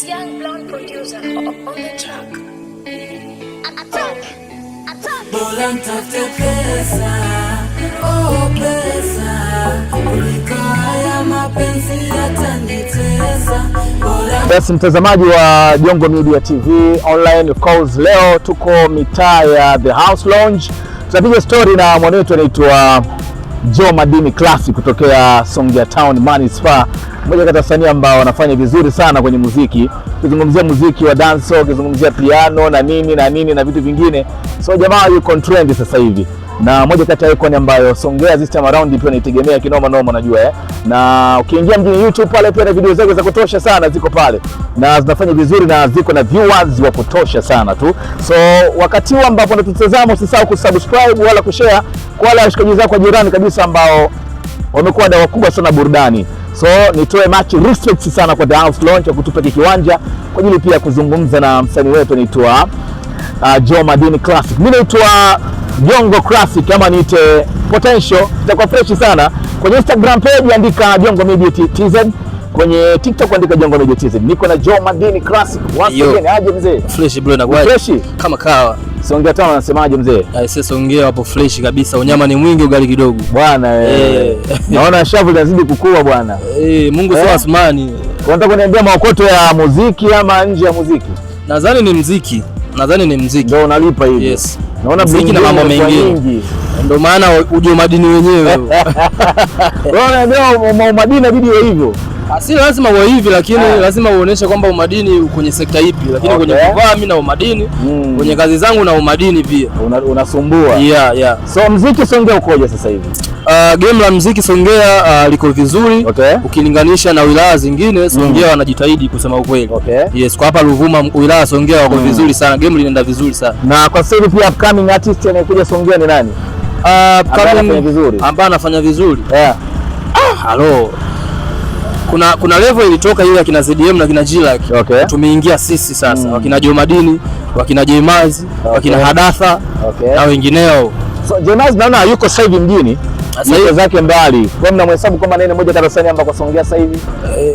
this young blonde producer on the track. Attack, attack. Bora mtafute pesa, oh pesa, kuliko haya mapenzi yatanitesa. Basi mtazamaji wa Jongo Media TV online calls, leo tuko mitaa ya The House Lounge, tunapiga story na mwanetu anaitwa Joe Madini Classic kutokea Songea Town Manispaa mmoja kati ya wasanii ambao wanafanya vizuri sana kwenye muziki, ukizungumzia muziki wa danso, ukizungumzia piano na nini na nini na vitu vingine. So jamaa yuko trend sasa hivi na moja kati ya icon ambayo Songea this time around pia naitegemea kinoma noma, najua eh. Na ukiingia mjini YouTube pale pia na video zake za kutosha sana ziko pale na zinafanya vizuri na ziko na viewers wa kutosha sana tu. So wakati huu ambapo natutazama, usisahau kusubscribe wala kushare kwa wale washikaji zako jirani kabisa ambao wamekuwa dawa kubwa sana burudani. So nitoe much respect sana kwa The House Lounge kutupa kutupa kiwanja kwa ajili pia kuzungumza na msanii wetu naitwa uh, Joh Madini Classic. Mimi naitwa Jongo Classic ama niite Potential, itakuwa freshi sana. Kwenye Instagram page andika Jongo Media TZ, kwenye TikTok andika Jongo Media TZ. Niko na Joh Madini Classic. Once again, aje mzee? Fresh bro, na fresh kama kawa. Songea Town anasemaje mzee? Ah, Sasa Songea hapo fresh kabisa, unyama ni mwingi, ugali kidogo bwana. Eh, eh. naona shavu lazidi kukua bwana. Eh, Mungu sio eh? asmani. Unataka kuniambia maokoto ya muziki ama nje ya muziki? Nadhani ni muziki, nadhani ni muziki ndio unalipa hivi. Yes. Naona muziki na mambo mengine ndio maana uje madini wenyewe. Unaona ndio madini inabidi hivyo Ah, si lazima uwe hivi lakini yeah. Lazima uoneshe kwamba umadini kwenye sekta ipi, lakini okay. Kwenye kuvaa mimi na umadini mm. Kwenye kazi zangu na umadini pia una, unasumbua. Yeah, yeah. So mziki Songea ukoje sasa hivi? Uh, game la mziki Songea uh, liko vizuri okay. Ukilinganisha na wilaya zingine hmm. Songea mm. wanajitahidi kusema ukweli okay. Yes, kwa hapa Ruvuma wilaya Songea wako mm. vizuri sana, game linaenda vizuri sana. Na kwa sasa hivi pia upcoming artist anayekuja Songea ni nani? Uh, ambaye anafanya vizuri, ambaye anafanya vizuri yeah. Ah, halo kuna kuna level ilitoka ile kina ZDM na kina Jilak okay. Tumeingia sisi sasa mm. wakina Jomadini wakina Jemazi okay. wakina Hadatha okay. na wengineo. So, Jemaz naona yuko sasa hivi mjini yuko zake mbali, kwa mnamhesabu kama nene moja darasani amba kwa Songea sasa hivi.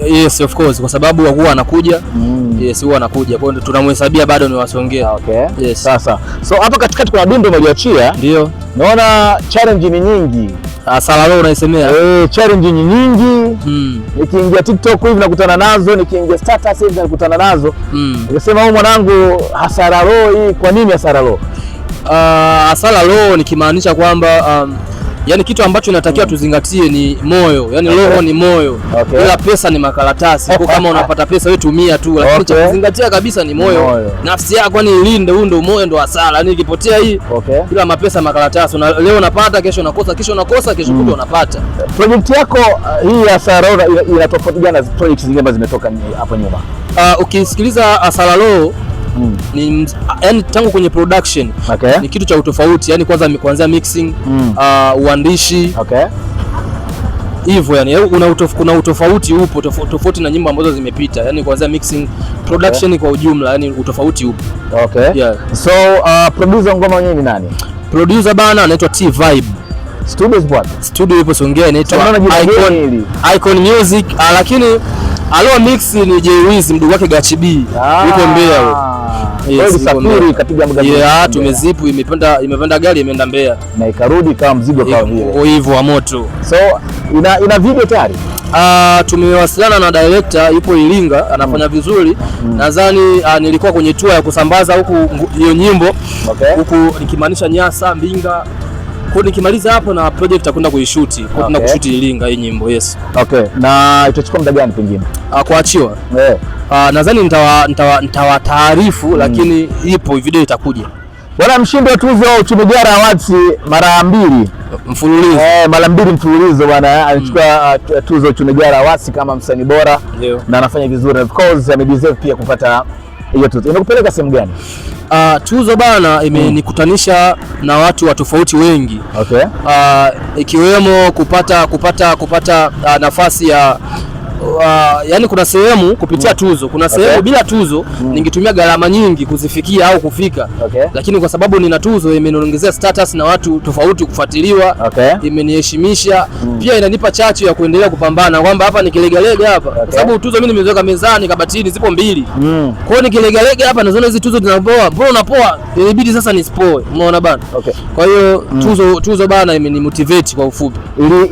Eh, yes of course, kwa sababu wakuwa anakuja mm. Yes, huwa anakuja. Kwa hiyo tunamhesabia bado ni Wasongea. Okay. Yes. Sasa. So hapa katikati kuna dundo mliachia. Ndio. Naona challenge ni nyingi. Asala ah, leo unaisemea. Eh, challenge ni nyingi. Mm. Nikiingia TikTok hivi nakutana nazo, nikiingia status hivi nakutana nazo. Mm. Nikasema huyu oh, mwanangu hasara roho hii, kwa nini hasara roho? Ah, uh, hasara leo nikimaanisha kwamba um, yani kitu ambacho inatakiwa mm. tuzingatie ni moyo, yani okay. roho ni moyo okay. ila pesa ni makaratasi kwa kama unapata pesa wewe tumia tu, lakini okay. cha kuzingatia kabisa ni moyo, moyo. nafsi yako ni ilinde, huu ndio moyo ndio hasara, yani ikipotea hii okay. ila mapesa makaratasi una, leo unapata kesho unakosa kesho unakosa kesho mm. unapata. Project yako uh, hii ya Sarora inatofauti gani na project zingine ambazo zimetoka hapo nyuma? Uh, ukisikiliza Asala Roho mm. yani tangu kwenye production okay. ni kitu cha utofauti yani, kwanza kuanzia mixing mm. uh, uandishi okay hivyo yani, kuna yaani utof, kuna utofauti upo tofauti na nyimbo ambazo zimepita yani kuanzia mixing production okay. kwa ujumla yani utofauti upo okay. yeah. So uh, producer ngoma yenyewe ni nani? Producer bana anaitwa T Vibe. Studio zipo studio ipo Songea inaitwa Icon, Icon Music, ah, lakini alio mix ni Jay Wiz mdogo wake Gachi B ah. Mbeya tumezipu imepanda gari imeenda Mbeya na ikarudi kama mzigo kwa vile hivyo wa moto. So ina, ina video tayari uh, tumewasiliana na director yupo Iringa anafanya mm. vizuri mm. nadhani uh, nilikuwa kwenye tour ya kusambaza huku hiyo nyimbo huku okay. nikimaanisha Nyasa Mbinga kwa nikimaliza hapo na project takwenda kuishuti, kwa okay. tunakushuti Iringa hii nyimbo. Yes. Okay. Na itachukua muda gani pengine? Ah, kuachiwa yeah. Eh. Uh, nadhani nitawataarifu mm. Lakini ipo video itakuja bwana. Mshindi wa tuzo Uchumijara Awards mara mbili mfululizo eh, mara mbili mfululizo bwana eh. alichukua mm. uh, tuzo Uchumijara Awards kama msanii bora yeah. Na anafanya vizuri of course, amedeserve pia kupata hiyo tuzo. Imekupeleka sehemu gani? Uh, tuzo bana imenikutanisha mm. na watu wa tofauti wengi okay. Uh, ikiwemo kupata kupata kupata uh, nafasi ya uh, yani kuna sehemu kupitia mm. tuzo, kuna sehemu okay. bila tuzo mm. ningetumia gharama nyingi kuzifikia au kufika okay. lakini kwa sababu nina tuzo imeniongezea status na watu tofauti kufuatiliwa okay. imeniheshimisha mm. pia inanipa chachu ya kuendelea kupambana kwamba hapa nikilegalega hapa okay. kwa sababu tuzo mimi nimeweka mezani kabatini zipo mbili mm. kwa hiyo nikilegalega hapa naziona hizi tuzo zinapoa, mbona unapoa, ilibidi sasa nisipoe, umeona bana okay. kwa hiyo mm. tuzo, tuzo bana imenimotivate kwa ufupi.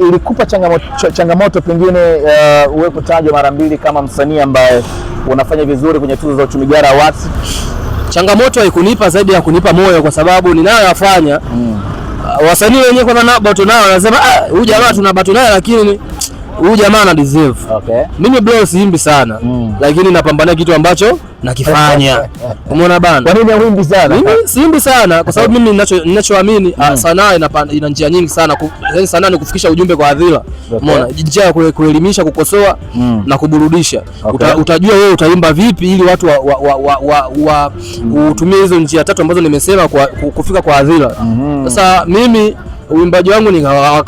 Ilikupa changamoto, changamoto pengine uh, uwepo kutajwa mara mbili kama msanii ambaye unafanya vizuri kwenye tuzo za uchumi gara awards. Changamoto haikunipa zaidi ya kunipa moyo, kwa sababu ninayoyafanya mm. wasanii wenyewe kwa na bato nao wanasema ah, huyu jamaa tuna bato naye lakini huyu jamaa ana deserve. Okay. Mimi bro siimbi sana mm. Lakini napambania kitu ambacho nakifanya. Umeona bana? Kwa nini huimbi sana? Mimi siimbi sana kwa sababu mimi ninacho ninachoamini ah, mm. sanaa ina, ina njia nyingi sana. Yaani sanaa ni kufikisha ujumbe kwa hadhira. Umeona? Okay. Njia ya kuelimisha, kukosoa mm. na kuburudisha. Okay. Uta, utajua wewe utaimba vipi ili watu wa, wa, wa, wa, wa, wa mm. utumie hizo njia tatu ambazo nimesema kwa kufika kwa hadhira. Mm-hmm. Sasa mm -hmm. mimi uimbaji wangu ni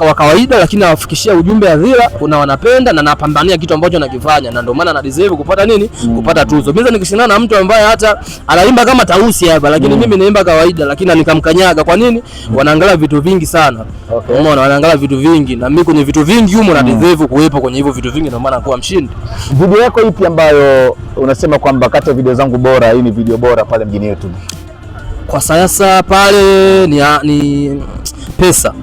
wa kawaida, lakini nawafikishia ujumbe hadhira, kuna wanapenda na napambania kitu ambacho nakifanya, na ndio maana na deserve kupata nini, mm. kupata tuzo. Mimi nikishindana na mtu ambaye hata anaimba kama tausi hapa, lakini mm. mimi naimba kawaida, lakini nikamkanyaga. Kwa nini? Mm. Wanaangalia vitu vingi sana, okay. umeona, wanaangalia vitu vingi, na mimi kwenye vitu vingi humo na deserve kuwepo kwenye hivyo vitu vingi, ndio maana nakuwa mshindi. Video yako ipi ambayo unasema kwamba kati ya video zangu bora, hii ni video bora pale mjini YouTube? kwa sasa pale ni, ni pesa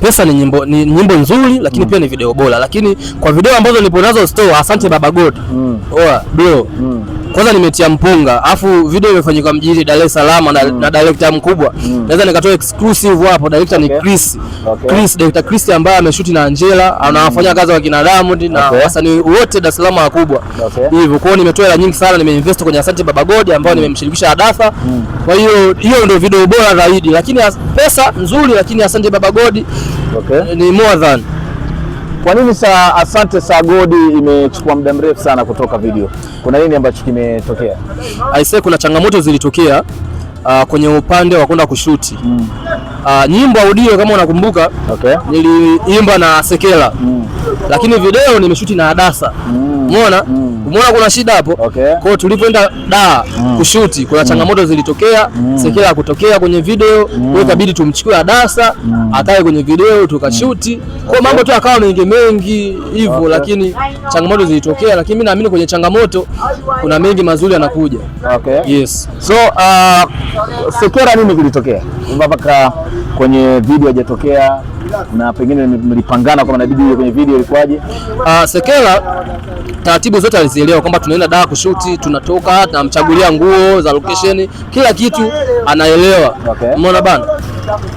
pesa ni nyimbo, ni nyimbo nzuri lakini mm. pia ni video bora, lakini kwa video ambazo nazo store, asante baba God mm. oa bro mm kwanza nimetia mpunga, afu video imefanyika mjini Dar es Salaam na, mm. na director mkubwa mm. naweza nikatoa exclusive hapo. Director okay. ni Chris okay. Chris director Chris ambaye ameshuti na Angela anawafanyia mm. kazi wa kina Diamond na okay. wasanii wote Dar es Salaam wakubwa hivyo okay. kwao nimetoa hela nyingi sana, nimeinvest kwenye asante Baba God ambao mm. nimemshirikisha Adafa mm. kwa hiyo hiyo ndio video bora zaidi, lakini pesa nzuri, lakini asante Baba God okay. ni more than kwa nini saa Asante Saa godi imechukua muda mrefu sana kutoka video? Kuna nini ambacho kimetokea? Aise, kuna changamoto zilitokea uh, kwenye upande wa kwenda kushuti mm. uh, nyimbo audio kama unakumbuka, okay. niliimba na Sekela mm lakini video nimeshuti na Adasa. Mm. Umeona? Mm. Umeona mm. kuna shida hapo. Okay. Kwa tulipoenda da mm. kushuti kuna mm. changamoto zilitokea, mm. Sekela kutokea kwenye video, mm. kwa ikabidi tumchukue Adasa mm. akae kwenye video tukashuti. Mm. Kwa okay. mambo tu akawa mengi mengi hivyo okay. lakini changamoto zilitokea, lakini mimi naamini kwenye changamoto kuna mengi mazuri yanakuja. Okay. Yes. So uh, Sekela nini kilitokea? Mpaka kwenye video hajatokea na pengine mlipangana kama inabidi kwenye video ilikuwaje? Uh, Sekela taratibu zote alizielewa kwamba tunaenda daa kushuti, tunatoka, tunamchagulia nguo za location, kila kitu anaelewa. Okay. Umeona bana.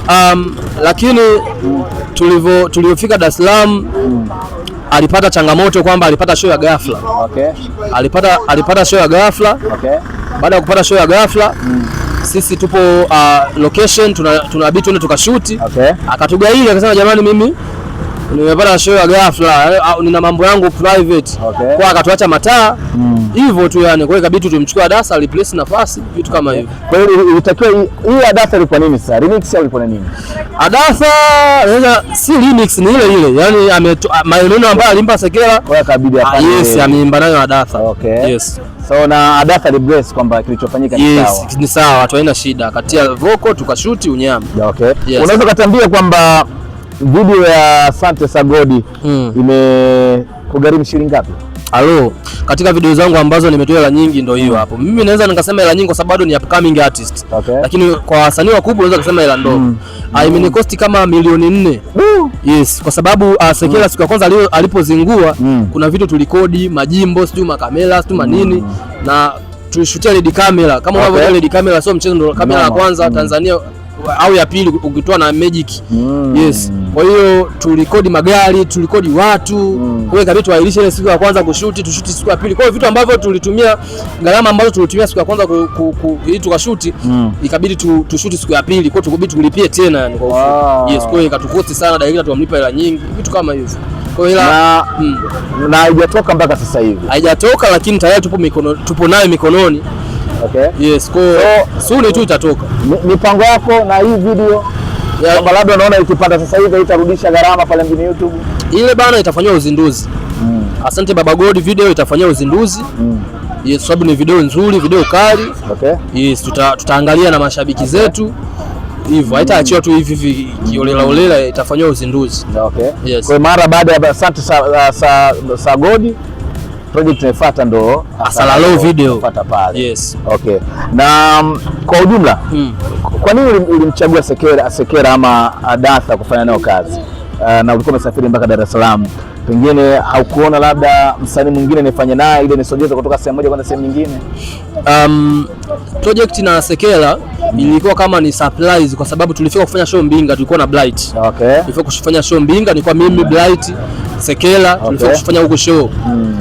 Um, lakini tulivyo tulivyofika Dar es Salaam mm. Alipata changamoto kwamba alipata show ya ghafla. Okay. Alipata alipata show ya ghafla. Okay. Baada ya kupata show ya ghafla mm sisi tupo uh, location tunabidi tuna tuende tukashuti okay. Akatugaili akasema jamani, mimi nimepata show ya ghafla, eh, nina mambo yangu private okay. Kwa akatuacha mataa mm. hivyo mm. tu yani, kwa ikabidi tumchukua Adasa replace nafasi vitu kama hivyo. Kwa hiyo ilitakiwa hii Adasa ilikuwa nini sasa, remix au ilikuwa nini? Adasa naweza si remix, ni ile ile yani, ame maneno ambayo alimpa Sekela kwa ikabidi ah, afanye, yes, ameimba nayo Adasa okay. yes So na Adasa ni bless kwamba kilichofanyika ni yes, sawa. Ni sawa tu, haina shida. Katia yeah. voko tukashuti unyama. Yeah, okay. Yes. Unaweza kutambia kwamba video ya Asante Sagodi hmm, imekugharimu shilingi ngapi? Halo, katika video zangu ambazo nimetoa hela nyingi ndio hiyo hapo. Mimi naweza nikasema hela nyingi kwa sababu bado ni upcoming artist. Okay. Lakini kwa wasanii wakubwa naweza kusema hela ndogo. Mm. Imenicost kama milioni nne. Mm. Yes, kwa sababu uh, Sekela mm. siku ya kwanza alipozingua mm. kuna video tulikodi, majimbo, sijui makamera, sijui manini mm. na tulishutia ledi camera Kama unavyoona okay. ledi camera sio mchezo, ndio kamera ya kwanza mm. Tanzania au ya pili ukitoa na Magic mm. Yes, kwa hiyo tulikodi magari tulikodi watu mm. kwa hiyo kabidi tuahirishe ile siku ya kwanza kushuti tushuti siku ya pili. Kwa hiyo vitu ambavyo tulitumia gharama ambazo tulitumia siku ya kwanza ku, ku, ku, ili tukashuti mm. ikabidi tu, tushuti siku ya pili, kwa hiyo tukabidi tulipie tena yani kwa wow. Yes, kwa hiyo ikatukosti sana dakika tuamlipa hela nyingi vitu kama hivyo Kwa hiyo na mm. na haijatoka mpaka sasa hivi haijatoka, lakini tayari tupo mikono, tupo nayo mikononi Okay. Yes, kwa hiyo so, tu itatoka mipango yako na hii video yeah. Kwamba labda unaona ikipata sasa hivi itarudisha gharama pale mjini YouTube ile bana, itafanywa uzinduzi mm. Asante Baba God, video itafanywa uzinduzi mm. Yes, sababu ni video nzuri, video kali okay. Yes, tuta, tutaangalia na mashabiki okay. zetu hivyo mm. tu hivi hivi kiolela olela, itafanywa uzinduzi okay. Yes. Kwa mara baada ya asante sa, sa, sa, sa God project inayofuata ndo Asala Low video fuata pale. Yes. Okay. Na um, kwa ujumla mm. kwa nini ulimchagua Sekera, Sekera ama Adatha kufanya nayo kazi uh, na ulikuwa umesafiri mpaka Dar es Salaam, pengine haukuona labda msanii mwingine nifanye naye ili nisogeze kutoka sehemu moja kwenda sehemu nyingine? Um, project na Sekera ilikuwa kama ni surprise kwa sababu tulifika kufanya show Mbinga, tulikuwa na Blight. Okay. Tulifika kufanya show Mbinga, nilikuwa mimi Blight, Sekela, tulifika kufanya huko show mm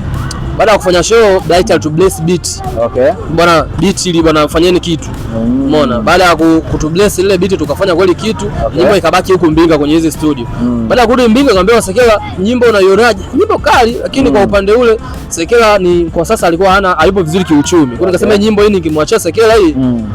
baada ya kufanya show Bright to bless beat. Okay. Bwana beat ili bwana fanyeni kitu. Mm. Umeona? Mm. Baada ya kutu bless ile beat tukafanya kweli kitu, okay. Nyimbo ikabaki huko Mbinga kwenye hizi studio. Mm. Baada ya kurudi Mbinga akamwambia Sekela nyimbo unaionaje? Nyimbo kali lakini mm. kwa upande ule Sekela ni kwa sasa alikuwa hana hayupo vizuri kiuchumi. Kwa nikasema okay. Nyimbo hii nikimwachia Sekela hii mm.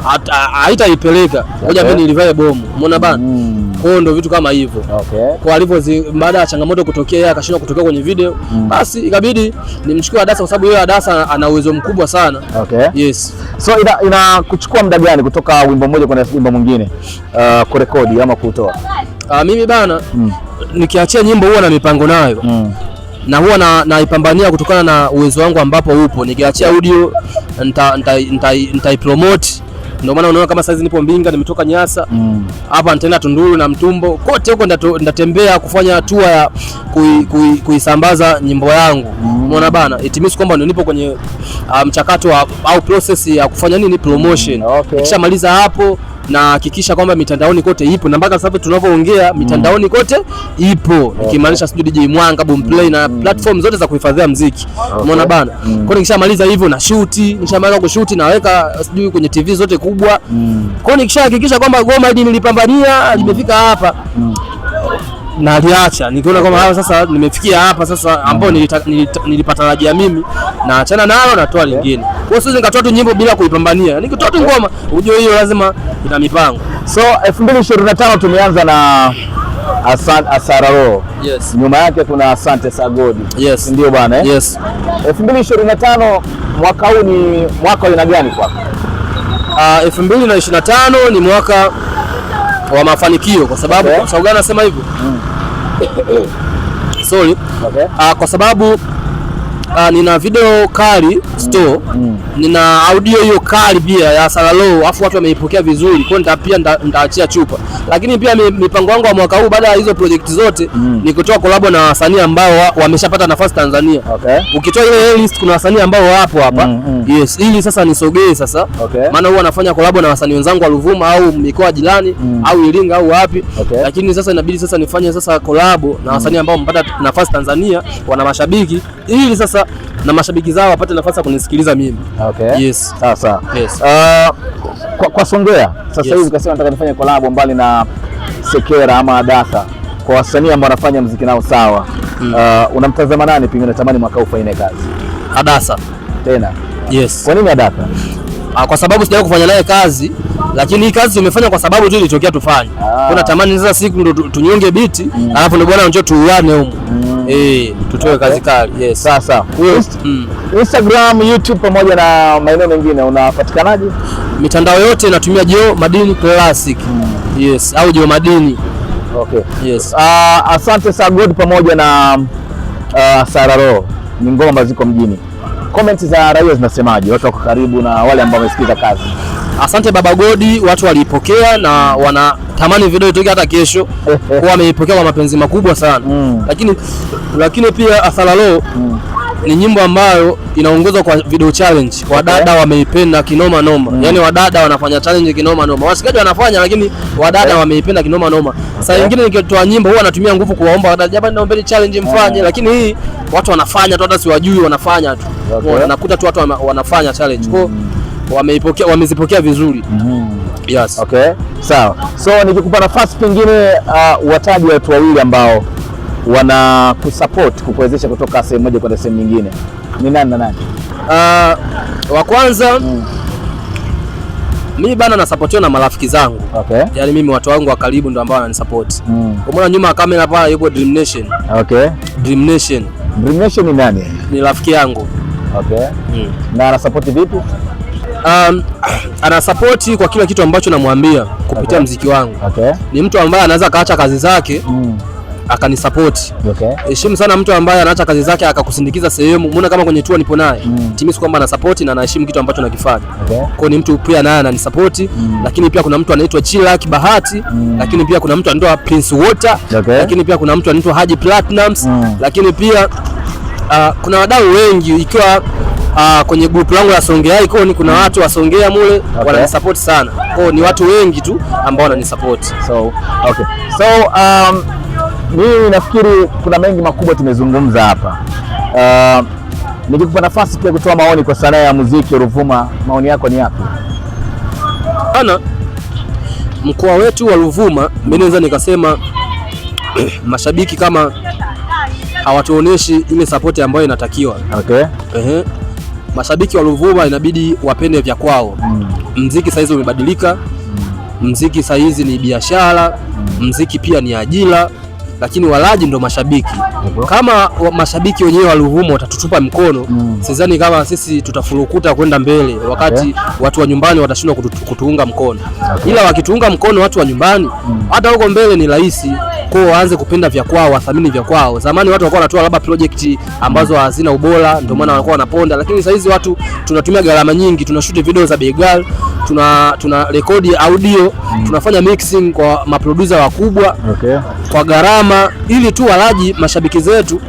haitaipeleka. Ngoja okay. Mimi nilivae bomu. Umeona bana? Mm. Kwa ndio vitu kama hivyo. Okay. Kwa alivyo baada ya changamoto kutokea yeye akashindwa kutokea kwenye video, mm. basi ikabidi nimchukue Adasa kwa sababu yeye Adasa ana uwezo mkubwa sana. Okay. Yes. So inakuchukua ina muda gani kutoka wimbo mmoja kwenda wimbo mwingine uh, kurekodi ama kutoa? Uh, ah, mimi bana mm. nikiachia nyimbo huwa na mipango nayo mm na huwa naipambania na kutokana na uwezo wangu ambapo upo. Nikiachia audio nitaipromote nita, nita, nita ndio maana unaona kama saizi nipo Mbinga, nimetoka Nyasa mm. hapa mm. tena Tunduru na Mtumbo, kote huko ndatembea kufanya hatua ya kuisambaza kui, kui nyimbo yangu mm. umeona mm. bana, itimisi kwamba nipo kwenye ah, mchakato um, au process ya kufanya nini promotion. Ikishamaliza mm, okay. hapo na hakikisha kwamba mitandaoni kote ipo na mpaka sasa tunavyoongea mitandaoni kote ipo nikimaanisha sijui DJ Mwanga, Boomplay na platform zote za kuhifadhia muziki. Umeona bana? Mm. Kwa nikishamaliza hivyo na shoot, nikishamaliza ku shoot naweka uh, sijui kwenye TV zote kubwa. Mm. Kwa hiyo nikishahakikisha kwamba goma hili nilipambania limefika hapa mm naliacha nikiona kwamba hapo sasa nimefikia hapa sasa ambao nilipata mimi na achana nalo, natoa lingine. Kwa hiyo nikatoa tu nyimbo bila kuipambania, yaani nikitoa tu ngoma, ujue hiyo lazima ina mipango. So 2025 tumeanza na Asan, Asararo. Yes. Nyuma yake kuna Asante Sagodi. Yes. Ndio bwana eh? Yes. 2025 mwaka huu ni mwaka wa aina gani kwako? Uh, ah, 2025 ni mwaka wa mafanikio kwa sababu okay. Sababu gani nasema hivyo? Mm. Sorry. Okay. Uh, kwa sababu uh, nina video kali store mm. nina audio hiyo kali pia ya Salalo, afu watu wameipokea vizuri, kwa nita pia nitaachia chupa. Lakini pia mipango yangu ya mwaka huu baada ya hizo project zote mm. ni kutoa collab na wasanii ambao wameshapata nafasi Tanzania. Okay. Ukitoa ile list kuna wasanii ambao wapo hapa mm, mm. Yes, ili sasa nisogee sasa, okay. maana huwa nafanya collab na wasanii wenzangu wa Ruvuma au mikoa jirani mm. au Iringa au wapi, okay. lakini sasa inabidi sasa nifanye sasa collab na mm. wasanii ambao wamepata nafasi Tanzania, wana mashabiki ili sasa fursa na mashabiki zao wapate nafasi ya kunisikiliza mimi. Okay. Yes. Sawa sawa. Yes. Uh, kwa, kwa Songea sasa hivi yes. Ukasema nataka nifanye collab mbali na Sekera ama Adasa kwa wasanii ambao wanafanya muziki nao sawa. Mm. Uh, unamtazama nani pengine natamani mwaka ufanye kazi? Adasa. Tena. Yes. Kwa nini Adasa? Ah, kwa sababu sijawahi kufanya naye kazi, lakini hii kazi tumefanya kwa sababu tu ilitokea tufanye. Ah. tamani sasa siku ndo tunyonge biti, mm. Alafu ndo bwana njoo tuuane huko. Mm eh, tutoe kazi kali. Yes. Sasa mm. Instagram, YouTube pamoja na maeneo mengine unapatikanaje? Mitandao yote inatumia jo Madini Classic. Mm. Yes, au jo Madini. Okay. Yes. Uh, asante sana God pamoja na uh, ah, Sararo ni ngoma ziko mjini. Comments za raia zinasemaje? Watu wako karibu na wale ambao wamesikiza kazi Asante Baba Godi, watu waliipokea na wanatamani video itoke hata kesho. Kwa wameipokea kwa mapenzi makubwa sana mm. Lakini lakini pia Athalalo mm. ni nyimbo ambayo inaongozwa kwa video challenge. Wadada wameipenda kinoma noma mm. Yaani wadada wanafanya challenge kinoma noma, wasikaji wanafanya, lakini wadada okay. Eh. wameipenda kinoma noma. okay. Saa eh. nyingine nikitoa nyimbo huwa natumia nguvu kuwaomba wadada, jamani, ni challenge mfanye, eh. lakini hii watu wanafanya tu, hata siwajui wanafanya tu, okay. nakuta tu watu wanafanya challenge mm. kwa wameipokea wamezipokea vizuri. mm. Yes. Okay, sawa. So nikikupa nafasi pengine, uh, wataji watu wawili ambao wana kusupport kukuwezesha kutoka sehemu moja kwenda sehemu nyingine ni nani na nani? Uh, wa kwanza mm. Mimi bana nasapotiwa na marafiki zangu. Okay. Yaani mimi watu wangu wa karibu ndio ambao wananisupport. Mm. Umeona nyuma kamera pale yupo Dream Nation. Okay. Dream Nation. Dream Nation ni nani? Ni rafiki yangu. Okay. Mm. Na anasupport vipi? um, anasapoti kwa kila kitu ambacho namwambia kupitia okay. mziki wangu okay. Ni mtu ambaye anaweza akaacha kazi zake mm. akanisapoti. Heshimu okay. sana mtu ambaye anaacha kazi zake akakusindikiza sehemu. Muona kama kwenye tour nipo naye mm. timisi kwamba anasapoti na anaheshimu kitu ambacho nakifanya okay. Kwa ni mtu pia naye ananisapoti mm. Lakini pia kuna mtu anaitwa Chillack Bahati mm. Lakini pia kuna mtu anaitwa Prince Water okay. Lakini pia kuna mtu anaitwa Haji Platinums mm. Lakini pia uh, kuna wadau wengi ikiwa uh, kwenye grupu langu la Songea Icon kuna mm. watu wa Songea mule okay. wananisupport sana Kwa ni watu wengi tu ambao wananisupport. So, okay. So, um, mimi nafikiri kuna mengi makubwa tumezungumza hapa uh, nikikupa nafasi pia kutoa maoni kwa sanaa ya muziki Ruvuma, maoni yako ni yapi? Ana mkoa wetu wa Ruvuma, mimi naweza nikasema mashabiki kama hawatuoneshi ile sapoti ambayo inatakiwa. Okay. Ehe, mashabiki wa Ruvuma inabidi wapende vya kwao. Mm. Mziki saizi umebadilika, mm. mziki saizi ni biashara, mm. mziki pia ni ajira lakini walaji ndo mashabiki. Kama mashabiki wenyewe wa Ruvumo watatutupa mkono mm, sidhani kama sisi tutafurukuta kwenda mbele, wakati okay, eh? watu wa nyumbani watashindwa kutu, kutuunga mkono okay, ila wakituunga mkono watu wa nyumbani mm. hata huko mbele ni rahisi kwa waanze kupenda vya kwao, wathamini vya kwao. Zamani watu walikuwa wanatoa labda project ambazo mm. hazina ubora, ndio maana walikuwa wanaponda, lakini sasa hizi watu tunatumia gharama nyingi, tunashoot video za begal tuna tuna rekodi audio, mm. tunafanya mixing kwa maproducer wakubwa okay, kwa gharama kama ili tu walaji mashabiki zetu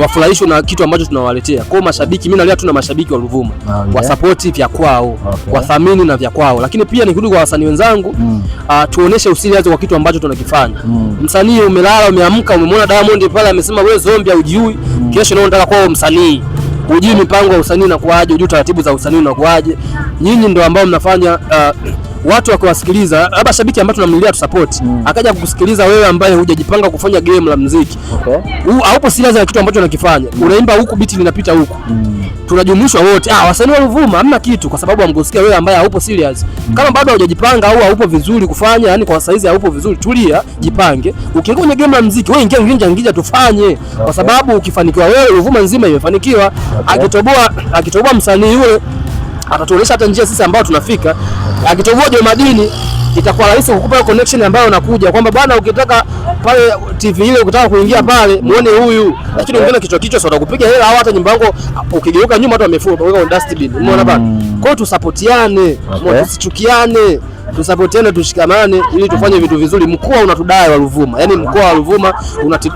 wafurahishwe na kitu ambacho tunawaletea. Kwa mashabiki, mimi nalia tu na mashabiki wa Ruvuma ah, okay. wasapoti vya kwao okay. wathamini na vya kwao, lakini pia nikirudi kwa wasanii wenzangu mm. uh, tuoneshe usiri kwa kitu ambacho tunakifanya mm. Msanii umelala umeamka, umemwona Diamond pale amesema wewe zombi haujiui mm. kesho nao nataka kwao msanii hujui mipango ya usanii inakuaje, hujui taratibu za usanii unakuaje. Nyinyi ndio ambao mnafanya uh, watu wakiwasikiliza, labda shabiki ambaye tunamlilia tusupport mm. akaja kukusikiliza wewe ambaye hujajipanga kufanya game la muziki okay. haupo serious na kitu ambacho unakifanya mm. unaimba huku biti linapita huku mm. tunajumuishwa wote, ah, wasanii wa Ruvuma hamna kitu, kwa sababu amgosikia wewe ambaye haupo serious mm. kama bado hujajipanga au haupo vizuri kufanya, yani kwa saizi haupo vizuri, tulia, jipange. Ukiingia kwenye game la muziki wewe ingia nginja nginja, tufanye okay. kwa sababu ukifanikiwa wewe, Ruvuma nzima imefanikiwa okay. akitoboa akitoboa msanii yule atatuonesha hata njia sisi ambao tunafika akitoboa Juma madini itakuwa rahisi kukupa connection ambayo unakuja kwamba bwana, ukitaka pale TV ile ukitaka kuingia pale muone huyu, lakini ungeona kichwa kichwa sio utakupiga hela au hata nyumba yako ukigeuka nyuma watu wamefuta weka dustbin, umeona bana. Mm. Kwa hiyo tusapotiane, tusichukiane tusapotiane, tushikamane ili tufanye vitu vizuri. Mkoa unatudai wa Ruvuma, yani mkoa wa Ruvuma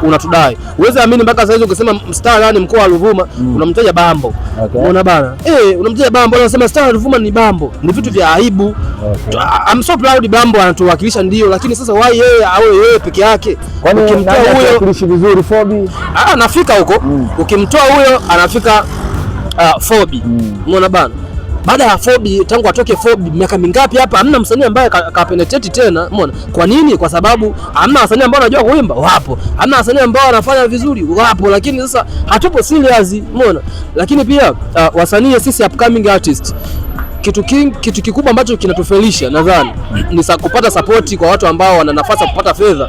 unatudai. Uweze amini mpaka sasa hizo ukisema star mstarani mkoa wa Ruvuma mm. unamtaja Bambo okay. Unaona bana eh, unamtaja Bambo, unasema star wa Ruvuma ni Bambo, ni vitu vya aibu okay. Ah, I'm so proud Bambo anatuwakilisha ndio, lakini sasa why yeye awe yeye peke yake? Kwani Ukimtoa huyo vizuri Fobi ah, anafika huko mm. ukimtoa huyo anafika uh, Fobi mm. umeona bana baada ya Fobi, tangu atoke Fobi miaka mingapi hapa, hamna msanii ambaye ka, penetrate tena. Umeona kwa nini? Kwa sababu hamna wasanii ambao wanajua kuimba, wapo. Hamna wasanii ambao wanafanya vizuri, wapo, lakini sasa hatupo serious. Umeona, lakini pia uh, wasanii sisi upcoming artists kitu, king, kitu kikubwa ambacho kinatufelisha nadhani ni kupata sapoti kwa watu ambao wana nafasi ya kupata fedha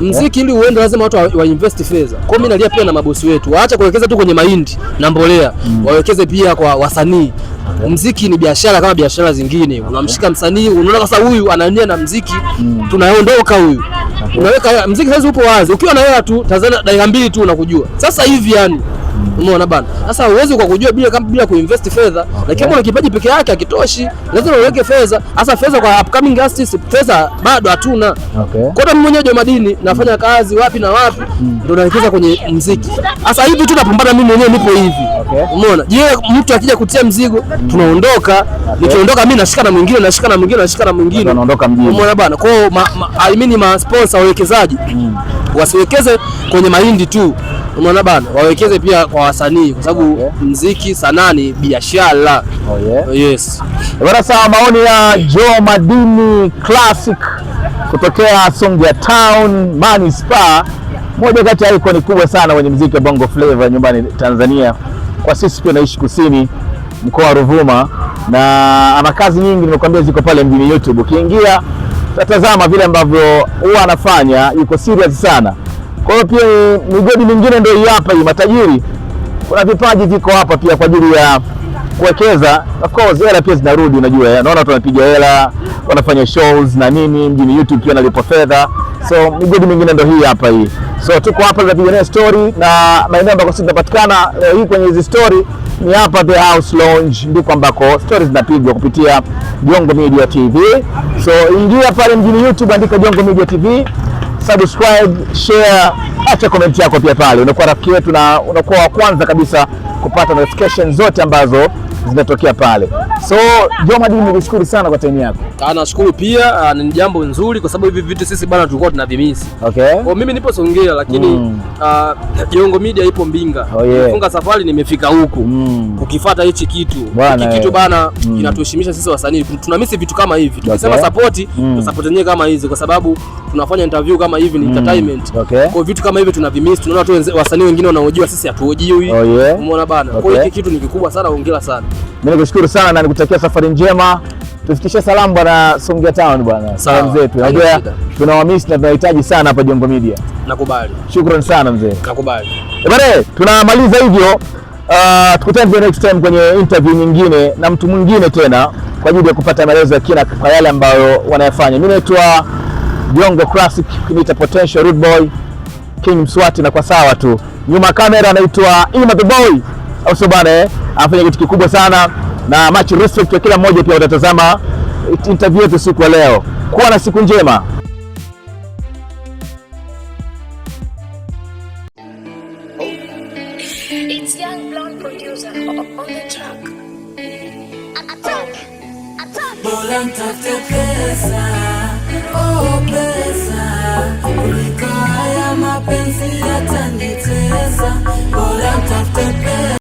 Mziki ili uende lazima watu wa, invest fedha. Kwa mimi nalia pia na mabosi wetu waacha kuwekeza tu kwenye mahindi na mbolea mm. wawekeze pia kwa wasanii okay. Mziki ni biashara kama biashara zingine, unamshika msanii, unaona sasa huyu anania na mziki mm. tunaondoka huyu okay. Unaweka mziki sasa, upo wazi, ukiwa na hela tu Tanzania, dakika mbili tu unakujua sasa hivi yani mm. Umeona bana, sasa uwezi kwa kujua bila kama bila kuinvest fedha okay. Lakini kama kipaji peke yake hakitoshi, lazima uweke fedha, Sasa fedha kwa upcoming artists. Fedha bado hatuna okay. Kwa hiyo mwenyewe wa madini nafanya kazi wapi na wapi, hmm. ndio naelekeza kwenye mziki Sasa hivi tu napambana mimi mwenyewe, nipo hivi. Umeona? Je, mtu akija kutia mzigo hmm. tunaondoka, nikiondoka mimi nashika na mwingine, nashika na mwingine, nashika na mwingine. Umeona bana? Kwa hiyo I mean ma sponsor wawekezaji hmm. wasiwekeze kwenye mahindi tu, umeona bana, wawekeze pia kwa wasanii, kwa sababu okay, mziki sanaa ni biashara. Oh yeah. Yes bana, sawa. Maoni ya Joe Madini Classic kutokea Songea Town Manispaa, moja kati ya ikoni kubwa sana kwenye muziki wa Bongo Flava nyumbani Tanzania. Kwa sisi tunaishi kusini mkoa wa Ruvuma, na ana kazi nyingi nimekuambia ziko pale mjini YouTube. Ukiingia tatazama vile ambavyo huwa anafanya, yuko serious sana. Kwa hiyo pia migodi mingine ndio hii hapa hii matajiri, kuna vipaji viko hapa pia kwa ajili ya kuwekeza of course, hela pia zinarudi. Unajua, eh. naona watu wanapiga hela, wanafanya shows na nini mjini, YouTube pia wanalipwa fedha, so migodi mingine ndio hii hapa hii. So tuko hapa tunapigania story na maeneo ambako sisi tunapatikana leo hii kwenye hizi story ni hapa The House Lounge, ndiko ambako stories zinapigwa kupitia Jongo Media TV. So ingia pale mjini YouTube, andika Jongo Media TV subscribe, share, acha comment yako pia pale, unakuwa rafiki wetu na unakuwa wa kwanza kabisa kupata notification zote ambazo zinatokea pale. So Jomad, nikushukuru sana kwa time yako. Ah, nashukuru pia, ah, ni jambo nzuri kwa sababu hivi vitu sisi bana tulikuwa tunavimisi. Okay. Kwa mimi nipo Songea lakini mm. uh, ah, Jongo Media ipo Mbinga. Oh, yeah. Nimefunga safari nimefika huku mm. kukifuata hichi kitu hiki kitu bana mm. kinatuheshimisha sisi wasanii, tunamisi vitu kama hivi tukisema okay. support mm. tusupport yenyewe kama hizi kwa sababu tunafanya interview kama hivi ni mm. entertainment. Okay. Kwa vitu kama hivi tunavimisi, tunaona tu wasanii wengine wanaojua sisi hatuojiwi. Oh, yeah. Umeona bana. Okay. Kwa hiyo hiki kitu ni kikubwa sana, hongera sana. Mimi nikushukuru sana na nikutakia safari njema. Tufikishe salamu bwana Songea Town bwana. Salamu zetu. Najua wamisi na tunahitaji sana hapa Jongo Media. Nakubali. Shukrani sana mzee. Nakubali. Eh, bwana, tunamaliza hivyo. Uh, tukutane next time kwenye interview nyingine na mtu mwingine tena kwa ajili ya kupata maelezo ya kina kwa yale ambayo wanayafanya. Mimi naitwa Jongo Classic, nita potential rude boy King Mswati, na kwa sawa tu nyuma kamera anaitwa Ima the boy also bana eh, afanya kitu kikubwa sana na much respect kwa kila mmoja, pia watatazama interview yetu siku ya leo. Kuwa na siku njema.